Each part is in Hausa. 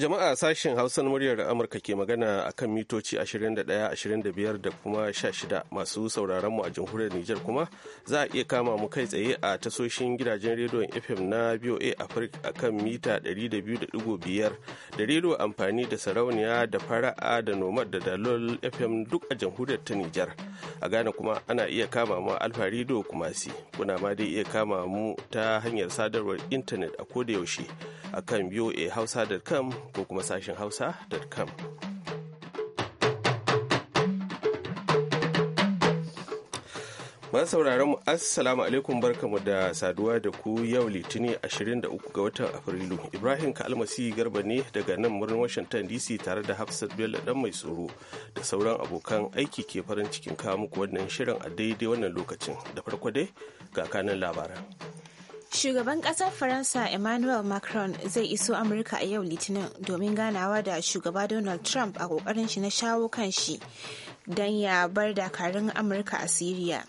Jama'a sashen Hausa muryar Amurka ke magana a kan mitoci 21, 25 da kuma 16 masu sauraron mu a jamhuriyar Nijar kuma za a iya kama mu kai tsaye a tasoshin gidajen rediyon FM na BOA Africa a kan mita 200.5 da rediyo amfani da sarauniya da fara'a da nomad da dalol FM duk a jamhuriyar ta Nijar. A Ghana kuma ana iya kama mu Alfa rediyo kuma si. Kuna ma dai iya kama mu ta hanyar sadarwar intanet a kodayaushe a kan BOA Hausa.com ko kuma sashen hausa.com Masu sauraron mu assalamu alaikum barkamu da saduwa da ku yau litinin 23 ga watan Afrilu. Ibrahim Kalmasi Garba ne daga nan murnin Washington DC tare da Hafsat Bello dan mai tsoro da sauran abokan aiki ke farin cikin kawo muku wannan shirin a daidai wannan lokacin. Da farko dai ga kanan labaran. Shugaban ƙasar Faransa Emmanuel Macron zai iso Amurka a yau Litinin domin ganawa da shugaba Donald Trump a ƙoƙarin shi na shawo kan shi don ya bar dakarun Amurka a Siriya.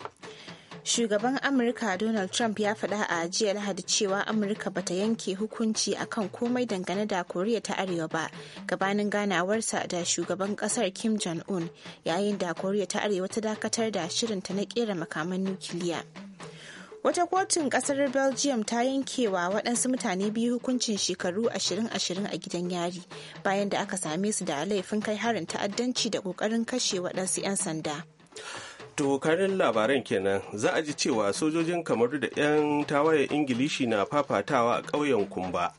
Shugaban Amurka Donald Trump ya faɗa a jiya Lahadi cewa Amurka bata yanke hukunci akan komai dangane da Koriya ta Arewa ba gabanin ganawarsa da shugaban ƙasar Kim Jong-un yayin da Koriya ta Arewa ta dakatar da shirinta na ƙera makaman nukiliya. wata kotun kasar belgium ta yankewa waɗansu mutane biyu hukuncin shekaru 20-20 a gidan yari bayan da aka same su da laifin kai harin ta'addanci da ƙoƙarin kashe waɗansu 'yan sanda tokarin labaran kenan za a ji cewa sojojin kamaru da 'yan tawayen ingilishi na fafatawa a ƙauyen kumba.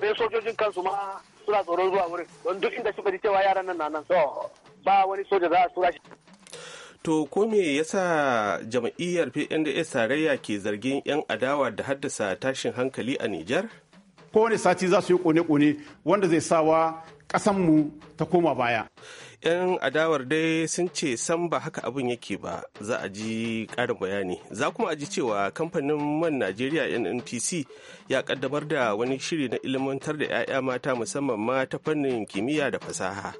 sojojin kansu ma suna tsoron zuwa wurin don duk inda suka ji cewa yaran nan na nan. Ba wani soja za a tura shi. To ko me yasa jam'iyyar PNDS tarayya ke zargin 'yan adawa da haddasa tashin hankali a Nijar? Kowane sati za su yi kone-kone wanda zai sawa ƙasanmu ta koma baya. 'Yan adawar dai sun ce san ba haka abin yake ba za a ji ƙarin bayani. Za kuma a ji cewa kamfanin man Najeriya NNPC ya kaddamar da wani shiri na ilimantar da 'ya'ya mata musamman ma ta fannin kimiyya da fasaha.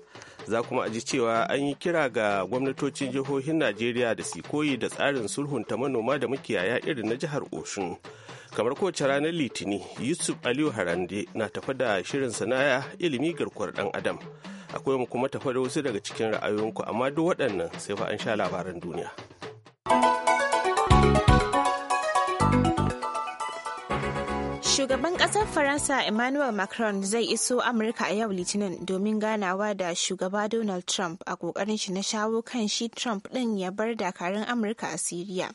za kuma aji cewa an yi kira ga gwamnatocin jihohin najeriya da su koyi da tsarin sulhunta manoma da makiyaya irin na jihar oshun kamar kowace ranar litini yusuf aliyu harande na tafa da shirin sanaya ilimi garkuwar dan adam akwai mu kuma tafa da wasu daga cikin ra'ayoyinku amma duk waɗannan sai fa an sha labaran duniya. Shugaban ƙasar Faransa Emmanuel Macron zai iso Amurka a yau Litinin domin ganawa da shugaba Donald Trump a ƙoƙarin shi na shawo kan shi Trump ɗin ya bar dakarun Amurka a Siriya.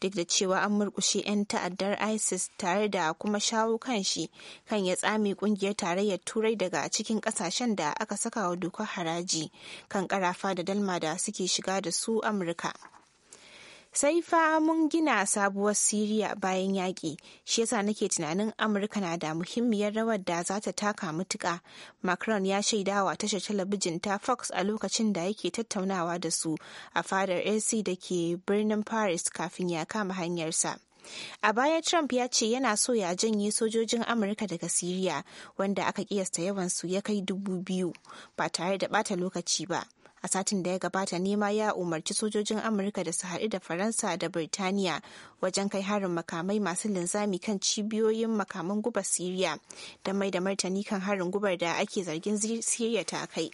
Duk da cewa an murƙushe 'yan ta'addar ISIS tare da kuma shawo kan shi kan ya tsame ƙungiyar tarayyar Turai daga cikin ƙasashen da aka saka wa dokar haraji kan ƙarafa da dalma da suke shiga da su Amurka. sai fa mun gina sabuwar siriya bayan yaƙi shi yasa nake tunanin amurka na da muhimmiyar rawar da za ta taka mutuka macron ya shaidawa tashar talabijin ta fox a lokacin da yake tattaunawa da su a fadar ac da ke birnin paris kafin ya kama hanyarsa A baya Trump ya ce yana so ya janye sojojin Amurka daga Siriya wanda aka kiyasta yawansu ya kai dubu biyu ba tare da bata lokaci ba. a satin da ya gabata nema ya umarci sojojin amurka da su haɗu da faransa da birtaniya wajen kai harin makamai masu linzami kan cibiyoyin makaman guba siriya da mai da martani kan harin gubar da ake zargin siriya ta kai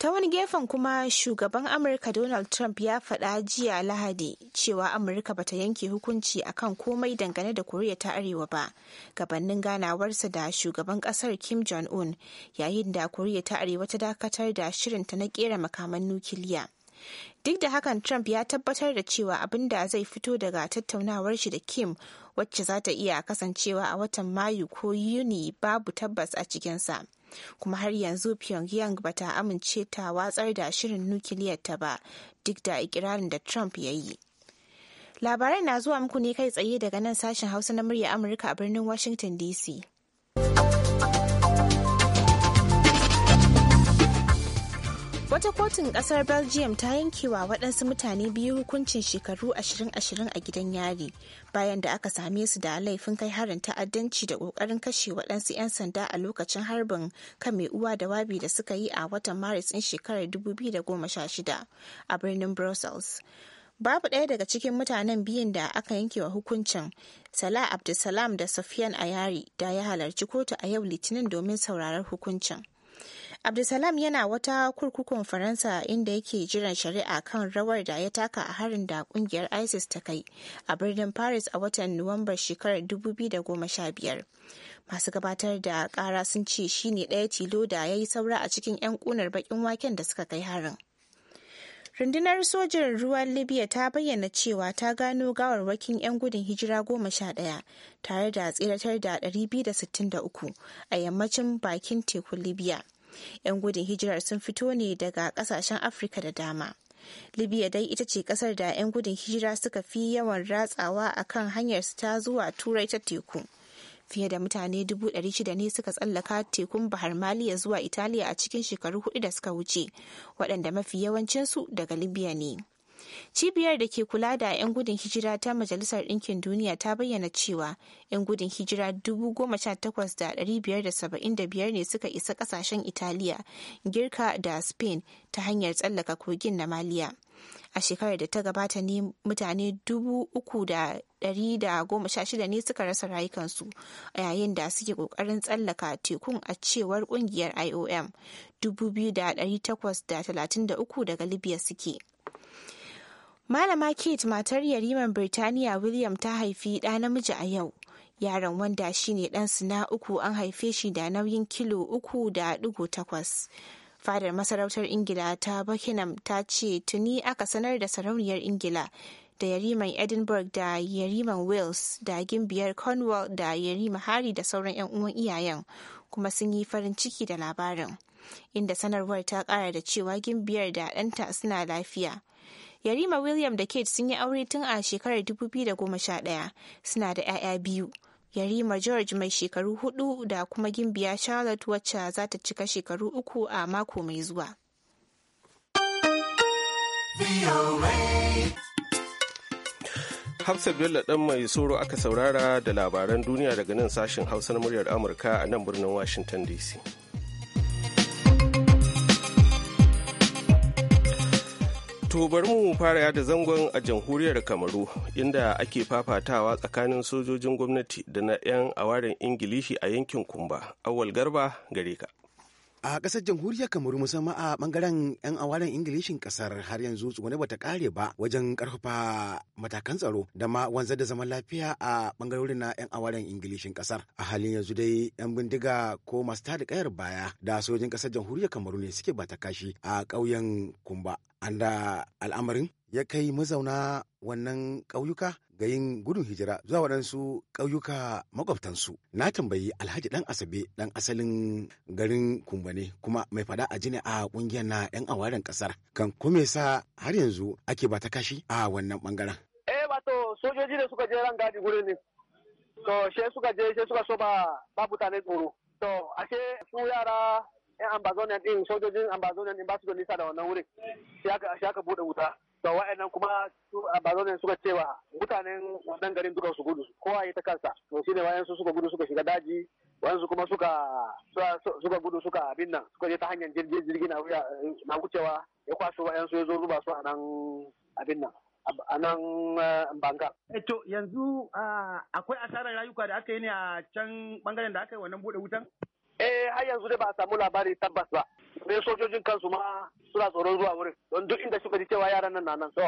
ta wani gefen kuma shugaban amurka donald trump ya faɗa jiya lahadi cewa amurka bata yanke hukunci akan komai dangane da koriya ta arewa ba gabanin ganawarsa da shugaban ƙasar kim jong-un yayin da koriya ta arewa ta dakatar da shirinta na ƙera makaman nukiliya duk da hakan trump ya tabbatar da cewa abin da zai fito daga tattaunawar shi da kim wacce za ta iya kasancewa a watan mayu ko yuni babu tabbas a cikinsa. kuma har yanzu pyongyang ba ta amince ta watsar da shirin nukiliyar ta ba duk da ikirarin da trump ya yi labaran na zuwa muku ne kai tsaye daga nan sashen hausa na murya amurka a birnin washington dc Wata kotun kasar Belgium ta yankewa waɗansu mutane biyu hukuncin shekaru 20-20 a gidan yari bayan da aka same su da laifin kai harin ta'addanci da ƙoƙarin kashe waɗansu 'yan sanda a lokacin harbin kan mai uwa da wabi da suka yi a watan Maris ɗin shekarar 2016 a birnin Brussels. babu ɗaya daga cikin mutanen biyun da aka yanke wa hukuncin salah abdulsalam da safiyan ayari da ya halarci kotu a yau litinin domin sauraron hukuncin Abdulsalam yana wata kurkukun Faransa inda yake jiran shari'a kan rawar da ya taka a harin da kungiyar ISIS ta kai a birnin Paris a watan Nuwambar shekarar 2015. Masu gabatar da kara sun ce shi ne ɗaya tilo da ya yi saura a cikin 'yan kunar bakin waken da suka kai harin. Rundunar sojin ruwan Libya ta bayyana cewa ta gano gawarwakin 'yan gudun hijira goma sha ɗaya tare da tseratar da 263 a yammacin bakin tekun Libya. 'Yan gudun hijirar sun fito ne daga kasashen Afirka da dama. Libya dai ita ce kasar da 'yan gudun hijira suka fi yawan ratsawa a kan su ta zuwa Turai ta teku. Fiye da mutane 600 ne suka tsallaka tekun Bahar Maliya zuwa Italiya a cikin shekaru hudu da suka wuce, waɗanda mafi yawancinsu daga Libya ne. Cibiyar da ke kula da 'yan gudun hijira ta Majalisar Ɗinkin Duniya ta bayyana cewa 'yan gudun hijira 18,575 ne suka isa ƙasashen Italiya, Girka da Spain ta hanyar tsallaka kogin na Maliya. A shekarar da ta gabata ne mutane 3,116 ne suka rasa rayukansu a yayin da suke ƙoƙarin tsallaka tekun a cewar ƙungiyar IOM, 2,833 daga Libya suke. Malama Kate matar yariman Birtaniya William ta haifi ɗa namiji a yau. Yaron wanda shine ɗansu na uku an haife shi da nauyin kilo uku da ɗigo takwas. Fadar masarautar Ingila ta Buckingham ta ce tuni aka sanar da sarauniyar Ingila da yariman Edinburgh da yariman Wales da gimbiyar Cornwall da yarima Hari da sauran 'yan uwan iyayen kuma sun yi farin ciki da labarin. Inda sanarwar ta kara da cewa gimbiyar da ɗanta suna lafiya. Yarima William da Kate sun yi aure tun a shekarar 2011 suna da 'ya'ya biyu. Yarima George mai shekaru hudu da kuma gimbiya Charlotte wacce za ta cika shekaru uku a mako mai zuwa. hafsa Bello ɗan mai soro aka saurara da labaran duniya daga nan sashen Hausa na muryar Amurka a nan birnin Washington DC. To bari mu fara yada zangon a jamhuriyar Kamaru inda ake fafatawa tsakanin sojojin gwamnati da na 'yan awaren Ingilishi a yankin Kumba. Awal Garba gare ka. a kasar jamhuriyar kamaru musamman a bangaren yan awalen ingilishin kasar har yanzu tsugune bata kare ba wajen karfafa matakan tsaro da ma wanzar da zaman lafiya a bangarorin na yan awalen ingilishin kasar a halin yanzu dai yan bindiga ko masu tada kayar baya da sojin kasar jamhuriyar kamaru ne suke bata kashi a ƙauyen kumba anda al'amarin ya kai mazauna wannan ƙauyuka ga yin gudun hijira zuwa waɗansu ƙauyuka makwabtansu na tambayi alhaji dan asabe dan asalin garin kumbane kuma mai fada a jini a ƙungiyar na 'yan awaren ƙasar kan kuma sa har yanzu ake ba ta kashi a wannan ɓangaren. eh wato sojoji da suka je ran gadi gurin ne to she suka je she suka so ba ba mutane tsoro to ashe su yara 'yan ambazonian din sojojin ambazonian din ba su da nisa da wannan wurin shi aka bude wuta to wa'annan kuma bazonin suka cewa mutanen wannan garin duka su gudu kowa ya ta kansa to shine wayansu suka gudu suka shiga daji wayansu kuma suka suka gudu suka abin nan suka je ta hanyar jirgin jirgin na wucewa ya kwaso wayansu ya zo ruba su a nan abin nan a nan eh, banga. Eh, to yanzu ah, akwai asarar rayuka da aka yi ne a can bangaren da aka yi wannan bude wutan? eh har yanzu dai ba a samu labari tabbas ba sai sojojin kansu ma suna tsoron zuwa wurin don duk inda suka ji cewa yaran nan na nan so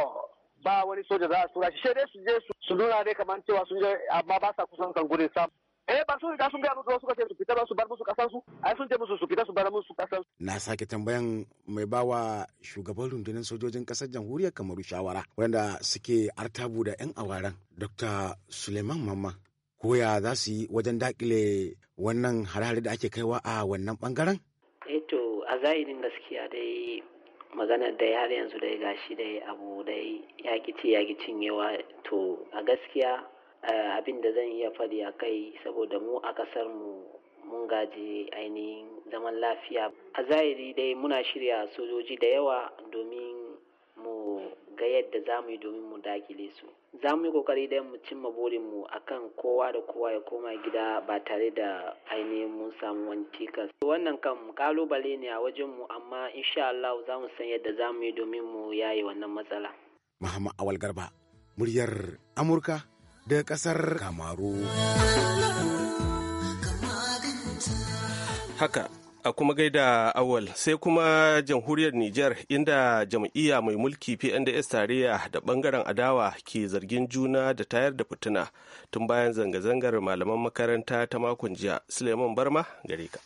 ba wani soja za a tura shi sai dai su je su nuna dai kamar cewa sun je amma ba sa kusan kan gurin sam eh ba su riga sun gaya musu suka ce su fita ba su bar musu kasansu su ai sun ce musu su fita su bar musu kasansu na sake tambayan mai bawa shugaban rundunar sojojin kasar jamhuriyar kamaru shawara wanda suke artabu da yan awaran dr suleiman Mamman. koya ya za su yi wajen dakile wannan harare da ake kaiwa a wannan bangaren? Eto eh a zahirin gaskiya dai maganar da har yanzu dai gashi dai abu dai yaƙi ce yaƙi cinyewa to a gaskiya eh, abin da zan iya fadi a kai saboda mu a kasar mu mun gaji ainihin zaman lafiya a zahiri dai muna shirya sojoji da yawa domin mu ga yadda za mu yi domin mu dakile su za mu yi kokari dai mu cimma burin burinmu kan kowa da kowa ya koma gida ba tare da ainihin mun samu wani tikas wannan kan kalubale ne a wajenmu amma insha Allah za mu san yadda za mu yi domin mu yaye wannan matsala Muhammad Awal Garba muryar Amurka da ƙasar Kamaru haka a kuma gaida awal sai kuma jamhuriyar niger inda jam'iyya mai mulki pnds tarayya da bangaren adawa ke zargin juna da tayar da fituna tun bayan zanga-zangar malaman makaranta ta makon jiya suleiman barma gare ka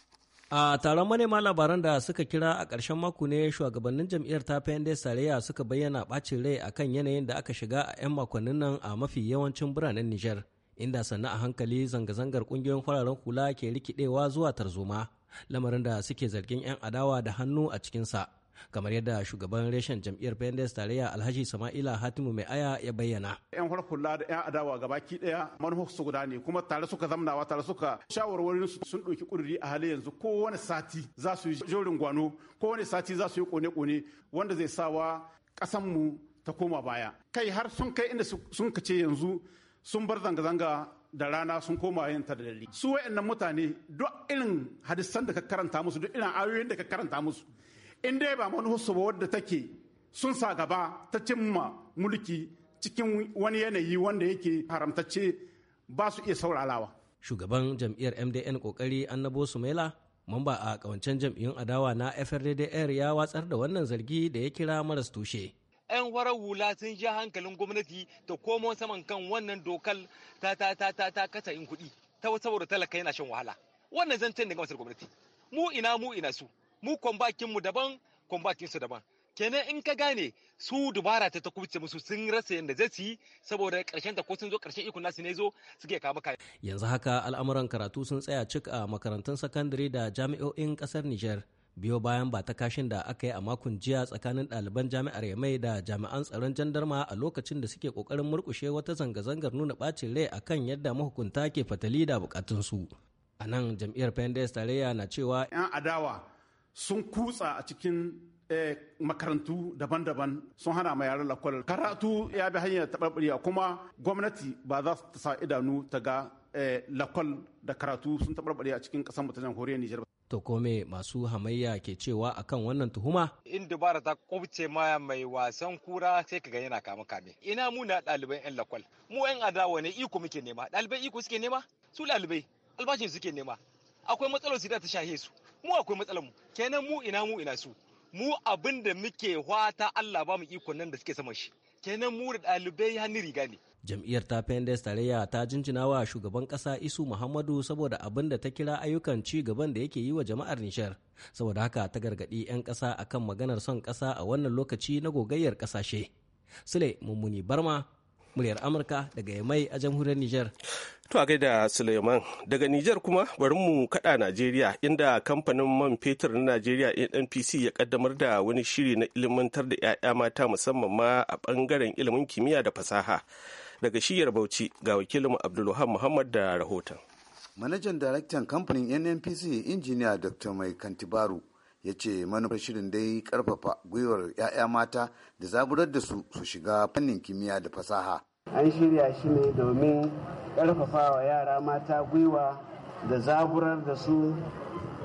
a taron manema labaran da suka kira a ƙarshen mako ne shugabannin jam'iyyar ta pnds tarayya suka bayyana ɓacin rai akan yanayin da aka shiga a 'yan makonnin nan a mafi yawancin biranen niger inda sannan a hankali zanga-zangar ƙungiyoyin fararen kula ke rikidewa zuwa tarzoma lamarin da suke zargin 'yan adawa da hannu a cikinsa kamar yadda shugaban reshen jam'iyyar pendes tarayya alhaji sama'ila hatimu mai aya ya bayyana yan kula da yan adawa gabaki daya manufar su guda ne kuma tare suka zamnawa tare suka shawarwarin su sun ɗauki kuduri a hali yanzu ko wani sati za su yi jorin gwano ko wani sati za su yi kone-kone wanda zai sa sawa mu ta koma baya kai har sun kai inda sun kace yanzu sun bar zanga-zanga da rana sun koma yin ta da dare su wayannan mutane duk irin hadisan da ka karanta musu duk irin ayoyin da ka karanta musu in dai ba manufarsu ba wadda take sun sa gaba ta cimma mulki cikin wani yanayi wanda yake haramtacce ba su iya sauralawa shugaban jam'iyyar mdn kokari annabo sumaila mamba a kawancen jam'iyyun adawa na frddr ya watsar da wannan zargi da ya kira maras tushe 'yan warar hula sun sha hankalin gwamnati ta komo saman kan wannan dokar ta ta ta ta ta kasa in kuɗi ta saboda talaka yana shan wahala wannan zancen daga masar gwamnati mu ina mu ina su mu kwambakin mu daban kwambakin su daban kenan in ka gane su dubara ta kubce musu sun rasa yadda zai yi saboda karshen ta ko sun zo karshen ikon nasu ne zo su ke kama kai yanzu haka al'amuran karatu sun tsaya cik a makarantun sakandare da jami'o'in kasar Nijar biyo bayan ba ta kashin da aka yi a makon jiya tsakanin ɗaliban jami'ar yamai da jami'an tsaron jandarma a lokacin da suke kokarin murkushe wata zanga-zangar nuna bacin rai a kan yadda mahukunta ke fatali da buƙatunsu a nan jam'iyyar pendes tarayya na cewa 'yan adawa sun kutsa a cikin eh, makarantu daban-daban sun hana ma yaran lakwal karatu ya bi hanyar taɓarɓarya kuma gwamnati ba za ta sa idanu ta ga eh, lakwal da karatu sun taɓarɓare a cikin ƙasar mu ta jamhuriyar nijar To kome masu hamayya ke cewa akan wannan tuhuma? In dubara ta kubce ma mai wasan kura sai ka gani na kama kame. Ina muna ɗaliban 'yan lakwal. Mu 'yan adawa ne iko muke nema. Ɗaliban iko suke nema? Su ɗalibai albashin suke nema. Akwai matsalar su da ta shahe su. Mu akwai matsalar mu. Kenan mu ina mu ina su. Mu abin da muke hwata Allah ba mu iko nan da suke saman shi. Kenan mu da ɗalibai hannun riga ne. jam'iyyar ta pendes tarayya ta jinjina wa shugaban kasa isu muhammadu saboda abin da ta kira ayyukan ci gaban da yake yi wa jama'ar nishar saboda haka ta gargaɗi 'yan kasa akan maganar son kasa a wannan lokaci na gogayyar kasashe sule mummuni barma muryar amurka daga yamai a jamhuriyar nijar. to a gaida suleiman daga nijar kuma bari mu kada najeriya inda kamfanin man fetur na najeriya nnpc ya kaddamar da wani shiri na ilimantar da 'ya'ya mata musamman ma a bangaren ilimin kimiyya da fasaha daga shiyar bauchi ga wakilinmu abdulluhan muhammad da rahoton manajan daraktan kamfanin nnpc injiniya dr mai kantibaru ya ce manufar shirin dai karfafa gwiwar 'ya'ya mata da zaburar da su su shiga fannin kimiyya da fasaha an shirya shi ne domin karfafa wa yara mata gwiwa da zaburar da su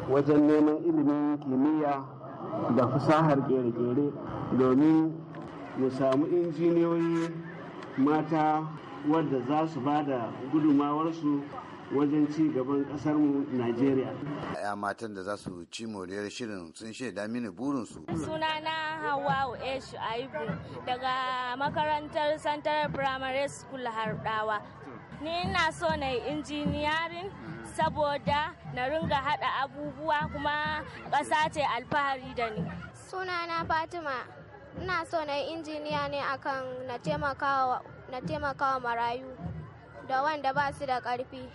wajen neman ilimin kimiyya da fasahar gere kere domin ya samu injiniyoyi mata wadda za su ba da su wajen ci gaban ƙasarmu Najeriya. Ya matan da za su ci moriyar shirin sun shaida mini burinsu. Sunana Hawwa'u Eshu Shu'aibu daga makarantar Central Primary School Harɗawa. Ni ina so na yi injiniyarin saboda na ringa haɗa abubuwa kuma ƙasa ce alfahari da ni. Sunana Fatima ina so na yi injiniya ne akan na taimakawa marayu da wanda ba su da ƙarfi.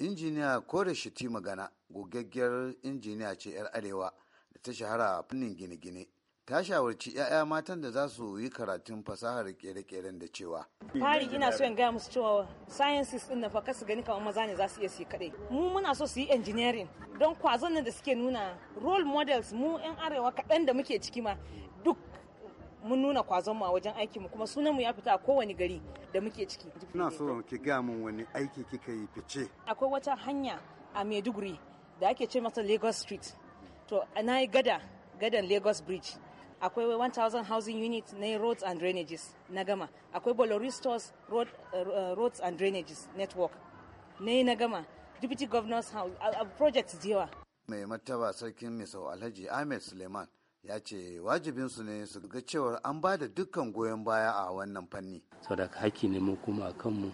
injiniya kore shiti magana gogaggiyar injiniya ce 'yar arewa da ta shahara a fannin gine-gine ta shawarci 'ya'ya matan da za su yi karatun fasahar kere-keren da cewa. Fari ina so in gaya musu cewa sciences din na fa su gani kamar maza ne za su iya su kadai. Mu muna so su yi engineering don kwazon nan da suke nuna role models mu 'yan arewa kaɗan da muke ciki ma mun nuna kwazon mu a wajen aikin mu kuma sunan mu ya fita a kowane gari da muke ciki ina so ki ga mun wani aiki kika yi fice akwai wata hanya a Maiduguri da ake ce masa Lagos Street to na yi gada gadan Lagos Bridge akwai 1000 housing units na roads and drainages na gama akwai bolori stores road, eh, roads and drainages network na na gama deputy governor's house a, project da yawa mai martaba sarkin misau alhaji ahmed suleiman ya ce wajibinsu ne su ga cewar an ba da dukkan goyon baya a wannan fanni. saboda haƙƙi ne mu kuma a kanmu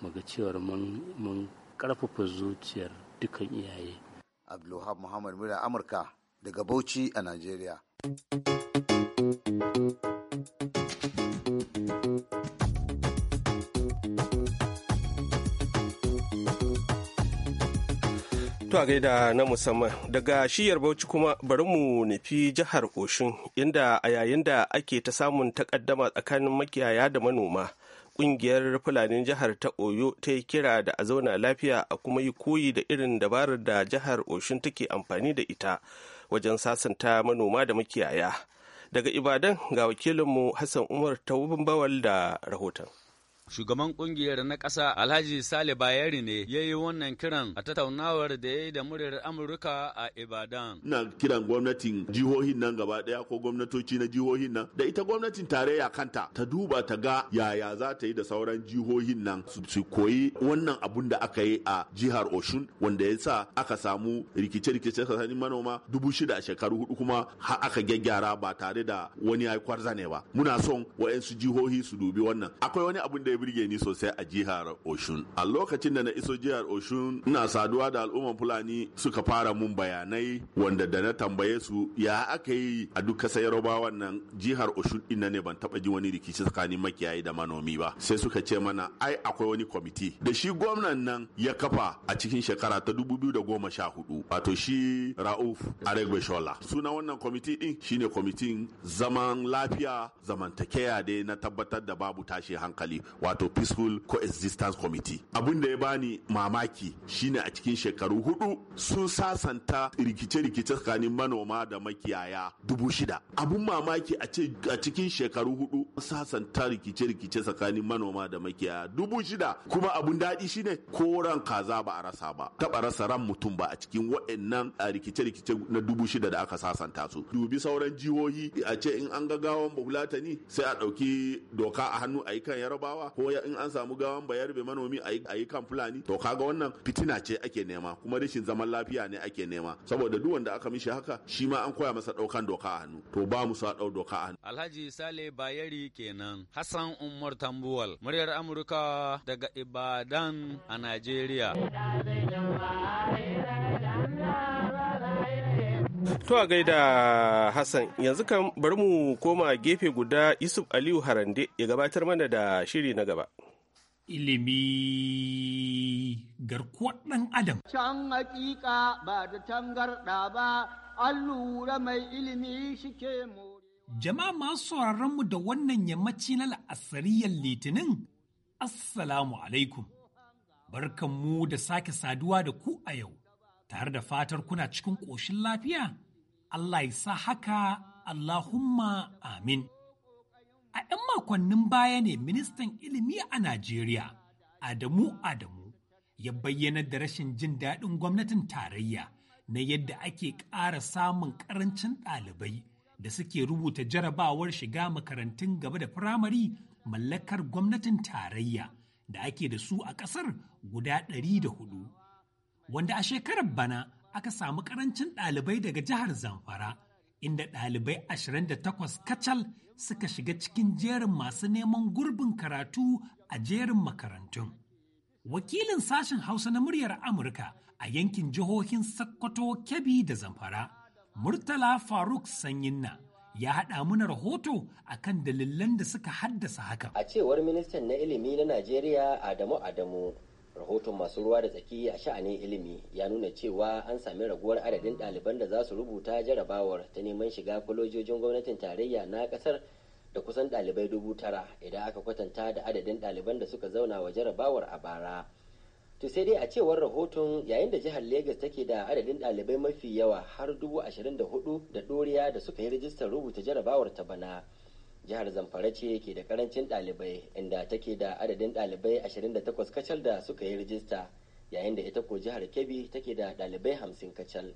mu ga cewar mun ƙarfafa zuciyar dukkan iyaye. abdulhab muhammad mura amurka daga bauchi a najeriya. To a gaida na musamman daga shiyar Bauchi kuma bari mu nufi jihar Oshun inda a yayin da ake ta samun takaddama tsakanin makiyaya da manoma kungiyar Fulanin jihar ta Oyo ta yi kira da a zauna lafiya a kuma yi koyi da irin dabarar da jihar Oshun take amfani da ita wajen sasanta manoma da makiyaya. Daga Ibadan ga wakilinmu Hassan Umar Tawubin Bawal da rahoton. Shugaban kungiyar na ƙasa Alhaji Sale Bayeri ne ya yi wannan kiran a tattaunawar da ya yi da muryar Amurka a Ibadan. Ina kiran gwamnatin jihohin nan gaba ɗaya ko gwamnatoci na jihohin nan da ita gwamnatin tarayya kanta ta duba ta ga yaya za ta yi da sauran jihohin nan su koyi wannan abun da aka yi a jihar Oshun wanda ya sa aka samu rikice-rikice tsakanin manoma dubu shida a shekaru hudu kuma har aka gyaggyara ba tare da wani ya kwarzane ba. Muna son wa'yansu jihohi su dubi wannan. Akwai wani abun da ya birge ni sosai a jihar Oshun. A lokacin da na iso jihar Oshun ina saduwa da al'umman Fulani suka fara mun bayanai wanda da na tambaye su ya aka yi a duk kasa Yarobawa nan jihar Oshun din ne ban taba ji wani rikici tsakanin makiyayi da manomi ba. Sai suka ce mana ai akwai wani kwamiti da shi gwamnan nan ya kafa a cikin shekara ta da goma sha hudu wato shi Rauf Aregbeshola. Suna wannan kwamiti din shine kwamitin zaman lafiya zamantakeya dai na tabbatar da babu tashi hankali wato peaceful coexistence committee Abun da ya bani mamaki shine a cikin shekaru hudu sun sasanta rikice-rikice tsakanin manoma da makiyaya dubu shida abun mamaki a cikin shekaru hudu sasanta rikice-rikice tsakanin manoma da makiyaya dubu shida kuma abun daɗi shine ko ran kaza ba a rasa ba taɓa rasa ran mutum ba a cikin waɗannan rikice-rikice na dubu shida da aka sasanta su dubi sauran jihohi a ce in an ga gawan bahulatani sai a ɗauki doka a hannu a yi kan yarabawa ko in an samu gawan bayarbe manomi a yi kan fulani to kaga wannan fitina ce ake nema kuma rashin zaman lafiya ne ake nema saboda duk wanda aka mishi haka shi ma an koya masa daukan doka a hannu to ba mu sa dau doka a hannu Alhaji Sale Bayeri kenan Hassan Umar Tambuwal muryar Amurka daga Ibadan a Najeriya To a gaida Hassan yanzu kan bari mu koma gefe guda Yusuf Aliyu Harande ya gabatar mana da shiri na gaba. Ilimi garkuwar ɗan Adam. Can hakika ba da tangarɗa ba, an lura mai ilimi shike more. Jama'a masu sauraron mu da wannan yammaci na la'asariyar litinin, Assalamu alaikum. Barkan mu da sake saduwa da ku a yau. tare da fatar kuna cikin ƙoshin lafiya? Allah ya sa haka Allahumma amin. A 'yan makonnin baya ne ministan ilimi a Najeriya, Adamu Adamu, ya bayyana da rashin jin daɗin gwamnatin tarayya na yadda ake ƙara samun ƙarancin ɗalibai da suke rubuta jarabawar shiga makarantun gaba da firamari mallakar gwamnatin tarayya da ake da su a ƙasar guda ɗari da hudu. wanda a shekarar bana aka samu karancin ɗalibai daga jihar Zamfara, inda ɗalibai 28 kacal suka shiga cikin jerin masu neman gurbin karatu a jerin makarantun. Wakilin sashen Hausa na muryar Amurka a yankin jihohin Sokoto, Kebbi da Zamfara, Murtala Faruk Sanyinna. ya haɗa mana rahoto a kan dalilan da suka haddasa haka. A cewar ministan na ilimi na Najeriya Adamu Adamu, rahoton masu ruwa da tsaki a sha'anin ilimi ya nuna cewa an sami raguwar adadin ɗaliban da za su rubuta jarabawar ta neman shiga kwalojojin gwamnatin tarayya na ƙasar da kusan ɗalibai dubu tara idan aka kwatanta da adadin ɗaliban da suka zauna wa jarabawar a bara to sai dai a cewar rahoton yayin da jihar Legas take da adadin ɗalibai mafi yawa har dubu ashirin da hudu da ɗoriya da suka yi rijistar rubuta jarabawar ta bana jihar zamfara ce ke da karancin dalibai inda take da adadin ɗalibai 28 kacal da suka yi rijista yayin da ita ko jihar kebbi take da dalibai 50 kacal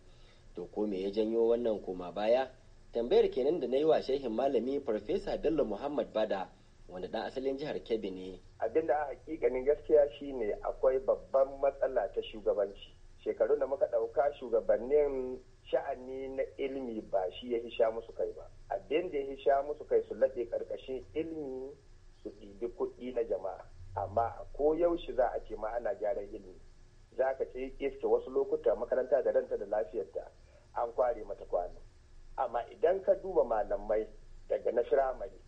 to ko me ya janyo wannan koma baya tambayar kenan da na yi wa shehin malami farfesa bello muhammad bada wanda dan asalin jihar kebbi ne abinda a hakikanin gaskiya shine akwai babban matsala ta shugabanci shekarun da muka ɗauka shugabannin sha'ani na ilimi ba shi ya sha musu kai ba abin da ya sha musu kai su laɗe ƙarƙashin ilimi su ɗibi kuɗi na jama'a amma a koyaushe za a ce ma ana gyaran ilimi za ka ce iske wasu lokuta makaranta da ranta da lafiyarta an kware mata kwano amma idan ka duba malamai daga na firamare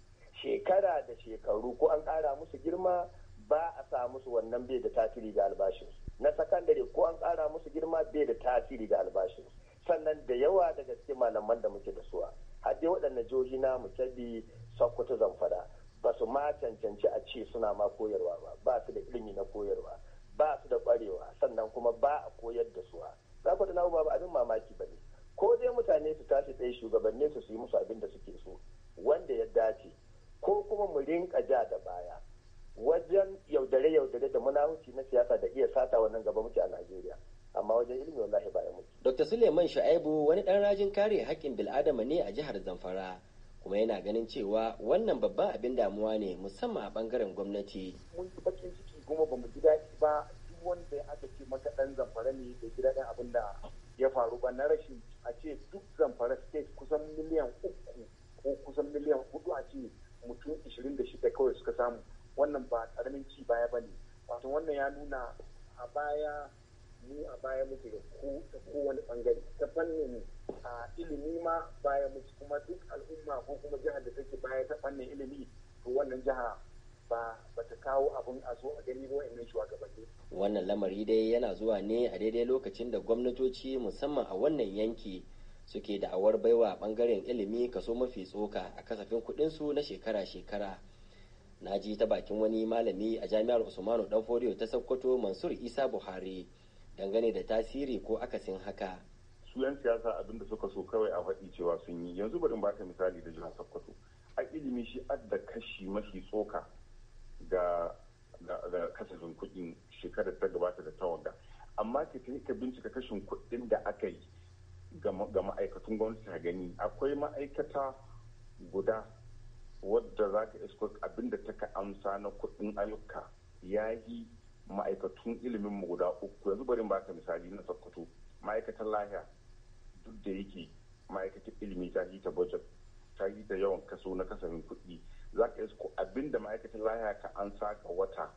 shekara da shekaru ko an ƙara musu girma ba a sa musu wannan bai da tasiri ga albashinsu na sakandare ko an ƙara musu girma bai da tasiri da albashinsu sannan da yawa daga cikin malaman da muke da suwa har dai waɗannan jihohi na mu kebbi sokoto zamfara ba su ma cancanci a ce suna ma koyarwa ba ba su da ilimi na koyarwa ba su da ƙwarewa sannan kuma ba a koyar da suwa za ku da ba abin mamaki ba ne ko dai mutane su tashi tsaye shugabanni su su yi musu abin da suke so wanda ya dace ko kuma mu rinka ja da baya wajen yaudare-yaudare da munahuci na siyasa da iya sata wannan gaba muke a najeriya amma wajen ilimi wallahi ba ya mutu. Dr. Suleiman Shu'aibu wani ɗan rajin kare haƙƙin bil'adama ne a jihar Zamfara kuma yana ganin cewa wannan babban abin damuwa ne musamman a bangaren gwamnati. Mun ji bakin ciki kuma ba mu ji daɗi ba duk wanda aka ce makaɗan ɗan zamfara ne da ji daɗin abin da ya faru ba na rashin a ce duk zamfara state kusan miliyan uku ko kusan miliyan hudu a ce mutum ishirin da shida kawai suka samu wannan ba ƙaramin ci baya ba ne. Wato wannan ya nuna a baya mu a baya muke da kowane bangare ta fannin a ilimi ma baya muke kuma duk al'umma ko kuma jihar da take baya ta fannin ilimi to wannan jiha ba ba ta kawo abun a zo a gani shuwa wa'annan shugabanni. Wannan lamari dai yana zuwa ne a daidai lokacin da gwamnatoci musamman a wannan yanki suke da awar baiwa bangaren ilimi kaso mafi tsoka a kasafin kuɗinsu na shekara-shekara. na ji ta bakin wani malami a jami'ar usmanu danfodiyo ta sokoto mansur isa buhari dangane da tasiri ko akasin haka su yan siyasa abin da suka so kawai a faɗi cewa sun yi yanzu bari baka misali da jihar sokoto a ilimi shi adda kashi mafi tsoka ga da kasafin kuɗin shekarar ta gabata da tawaga amma ka ka bincika kashin kuɗin da aka yi ga ma'aikatun gwamnati ta gani akwai ma'aikata guda wadda za ka isko abinda ta ka amsa na kuɗin ayyuka ya yi ma'aikatun ilimin mu guda uku yanzu bari ka misali na sakkwato ma'aikatan lahiya duk da yake ma'aikatan ilimi ta yi ta budget ta yi ta yawan kaso na kasafin kuɗi za ka isko abinda ma'aikatan lahiya ka an saka wata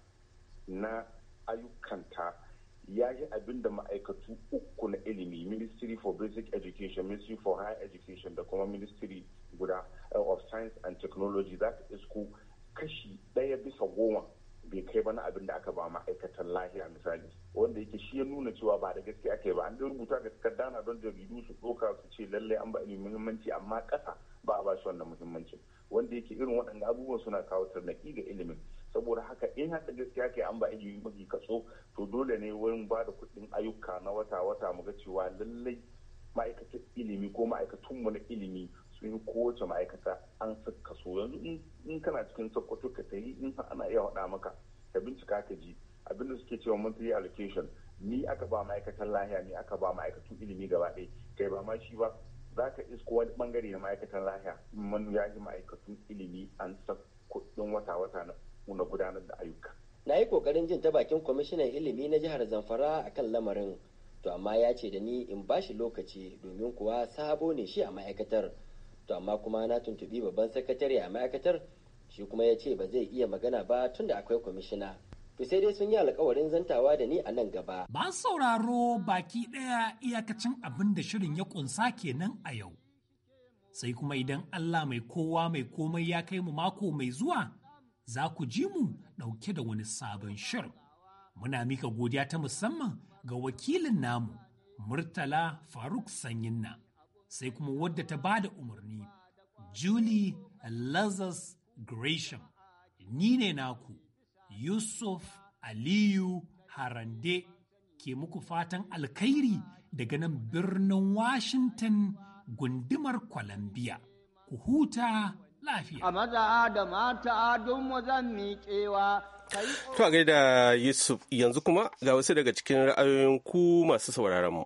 na ayyukanta ya yi abinda ma'aikatu uku na ilimi ministry for basic education ministry for higher education da kuma ministry guda eh, of science and technology za ka isko kashi ɗaya bisa goma bai kai ba na abin da aka ba ma'aikatan lahiya misali wanda yake shi ya nuna cewa ba da gaske ake ba an da rubuta ga takarda dana don jaridu su ɗauka su ce lallai an ba ilimi muhimmanci amma ƙasa ba a ba shi wannan muhimmanci wanda yake irin waɗanda abubuwan suna kawo tarnaƙi ga ilimin saboda haka in haka gaskiya ke an ba ilimi mafi kaso to dole ne wurin ba da kuɗin ayyuka na wata-wata mu ga cewa lallai ma'aikatan ilimi ko ma'aikatunmu na ilimi cikin kowace ma'aikata an saka so yanzu in kana cikin sokoto ka ta yi in ana iya haɗa maka ka bincika ka ji abinda suke cewa monthly allocation ni aka ba ma'aikatan lahiya ni aka ba ma'aikatan ilimi gaba ɗaya kai ba ma shi ba za ka isko wani bangare na ma'aikatan lahiya man ya yi ma'aikatan ilimi an sa kuɗin wata-wata na gudanar da ayyuka. na yi kokarin jin ta bakin kwamishinan ilimi na jihar zamfara akan lamarin to amma ya ce da ni in ba shi lokaci domin kuwa sabo ne shi a ma'aikatar to amma kuma na tuntubi babban sakatare a ma'aikatar shi kuma ya ce ba zai iya magana ba tun da akwai kwamishina to sai dai sun yi alkawarin zantawa da ni a nan gaba. Ba sauraro baki ɗaya iyakacin abin da shirin ya ƙunsa kenan a yau. Sai kuma idan Allah mai kowa mai komai ya kai mu mako mai zuwa, za ku ji mu ɗauke da wani sabon shirin. Muna mika godiya ta musamman ga wakilin namu, Murtala Faruk sanyin nan sai kuma wadda ta bada umarni Julie Lazarus Gresham. Ni ne naku Yusuf Aliyu Harande ke muku fatan alkhairi daga nan birnin Washington gundumar Columbia. Ku huta lafiya. A maza da mata don zan miƙewa. To a gaida Yusuf yanzu kuma ga wasu daga cikin ra'ayoyin ku masu sauraron mu.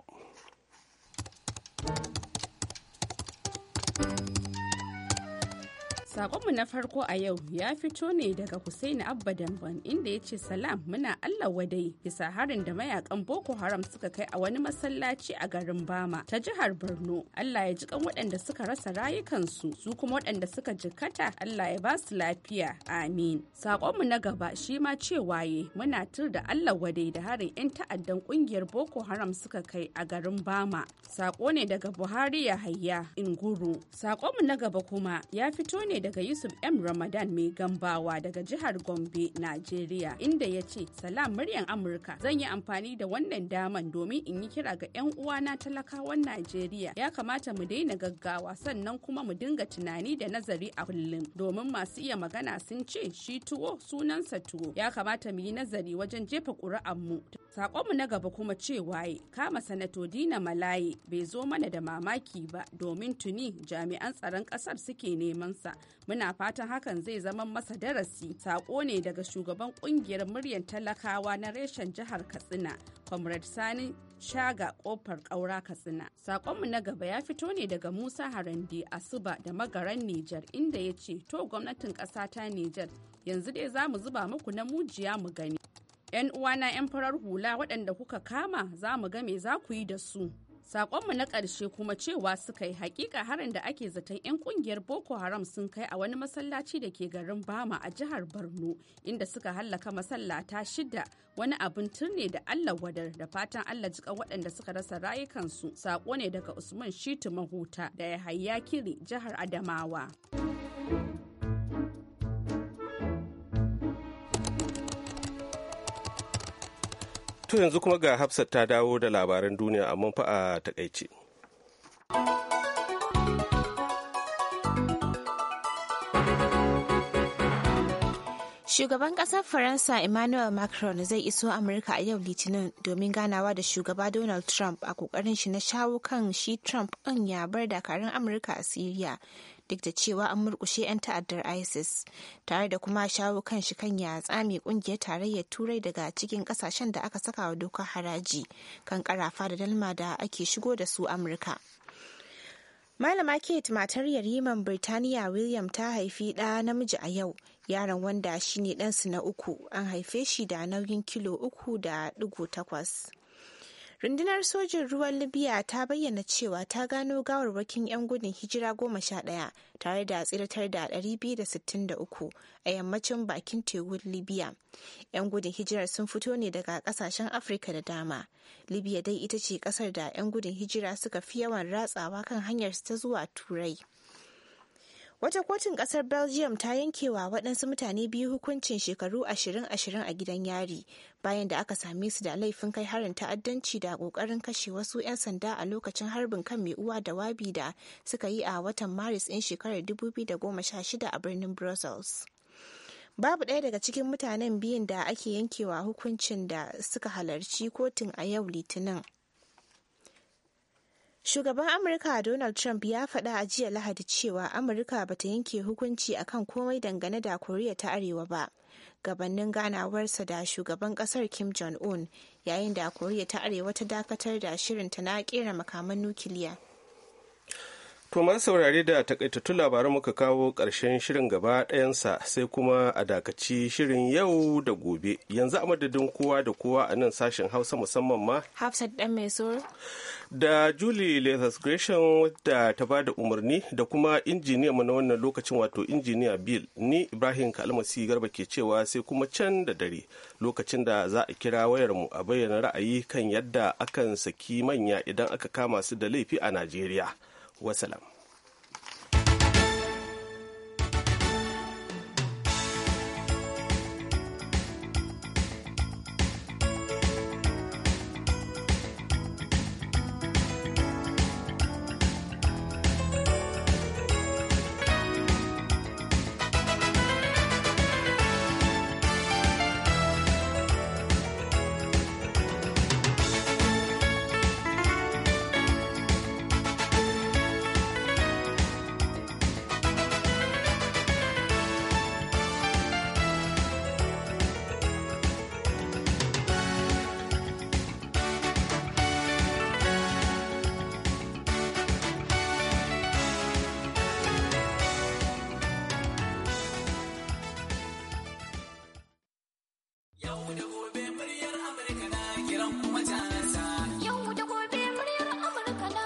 Sakonmu na farko a yau ya fito ne daga Hussaini Abba Damban inda ya ce salam muna Allah wadai bisa harin da mayakan Boko Haram suka kai a wani masallaci a garin Bama ta jihar Borno. Allah ya jikan waɗanda suka rasa rayukansu su kuma waɗanda suka jikkata Allah ya basu lafiya. Amin. Sakonmu na gaba shi ma ce waye muna tur da Allah wadai da harin 'yan ta'addan kungiyar Boko Haram suka kai a garin Bama. Sako ne daga Buhari ya hayya Inguru. Sakonmu na gaba kuma ya fito ne daga Yusuf M. Ramadan mai gambawa daga jihar Gombe, Najeriya, inda ya ce, Salam muryan Amurka, zan yi amfani da wannan daman domin in yi kira ga 'yan uwana talakawan Najeriya. Ya kamata mu daina gaggawa sannan kuma mu dinga tunani da nazari a kullum. Domin masu iya magana sun ce shi tuwo sunansa tuwo. Ya kamata mu yi nazari wajen jefa ƙuri'anmu. Sakonmu na gaba kuma waye? kama sanato Dina Malaye bai zo mana da mamaki ba domin tuni jami'an tsaron ƙasar suke neman sa Muna fatan hakan zai zama masa darasi. Sako ne daga shugaban kungiyar muryan talakawa na reshen jihar Katsina, Comrade Sani Shaga kofar kaura Katsina. Sakonmu na gaba ya fito ne daga Musa Harande Asuba da magaran Nijar inda ya ce to gwamnatin ƙasa ta Nijar yanzu dai za mu zuba muku na mujiya mu gani. 'Yan uwana 'yan farar hula waɗanda kuka kama za mu ga me za ku yi da su. Sakonmu na ƙarshe kuma cewa suka yi hakika harin da ake zaton 'yan ƙungiyar Boko Haram sun kai a wani masallaci da ke garin Bama a jihar Borno inda suka hallaka masallata shida wani abin turne da Allah wadar da fatan Allah jika waɗanda suka rasa rayukansu sako ne daga Usman Shitu Mahuta da ya kiri jihar Adamawa. To yanzu kuma ga Hafsat ta dawo da labaran duniya amma fa a takaice. Shugaban ƙasar Faransa Emmanuel Macron zai iso Amurka a yau Litinin domin ganawa da shugaba Donald Trump a kokarin shi na shawo kan shi Trump ɗin ya bar dakarun Amurka a Siriya duk da cewa an murkushe 'yan ta'addar isis tare da kuma shawo kan shi kan ya tsami kungiyar tarayyar turai daga cikin kasashen da aka saka wa dokar haraji kan karafa da dalma da ake shigo da su amurka Malama Kate matar yariman Birtaniya William ta haifi ɗa namiji a yau, yaron wanda shine ɗansu na uku, an haife shi da nauyin kilo uku da digo takwas. rundunar sojin ruwan libya ta bayyana cewa ta gano gawarwakin 'yan gudun hijira goma sha ɗaya tare da tsiratar da 263 a yammacin bakin tekun libya 'yan gudun hijirar sun fito ne daga kasashen afirka da dama libya dai ita ce kasar da 'yan gudun hijira suka fi yawan ratsawa kan hanyar ta zuwa turai Wata kotun ƙasar Belgium ta yankewa waɗansu mutane biyu hukuncin shekaru ashirin ashirin a gidan yari bayan da aka same su da laifin kai harin ta'addanci da kokarin kashe wasu 'yan sanda a lokacin harbin kan mai uwa da wabi da suka yi a watan Maris ɗin shekarar 2016 a birnin Brussels. babu ɗaya daga cikin mutanen biyun da ake yankewa hukuncin da suka halarci kotun a yau litinin Shugaban Amurka Donald Trump ya faɗa a jiya Lahadi cewa Amurka ba ta yanke hukunci akan komai dangane da Koriya ta Arewa ba. Gabannin ganawarsa da shugaban ƙasar Kim Jong-un yayin da Koriya ta Arewa ta dakatar da shirinta na ƙera makaman nukiliya. To masu saurare da takaitattun labaran muka kawo ƙarshen shirin gaba ɗayansa sai kuma a dakaci shirin yau da gobe. Yanzu a madadin kowa da kowa a nan sashen Hausa musamman ma. Hafsat ɗan mai Da Julie lesas Gresham da ta ba da umarni da kuma injiniya mu na wannan lokacin wato injiniya Bill ni Ibrahim Kalmasi Garba ke cewa sai kuma can da dare lokacin da za a kira wayar mu a bayyana ra'ayi kan yadda akan saki manya idan aka kama su da laifi a Najeriya. وسلام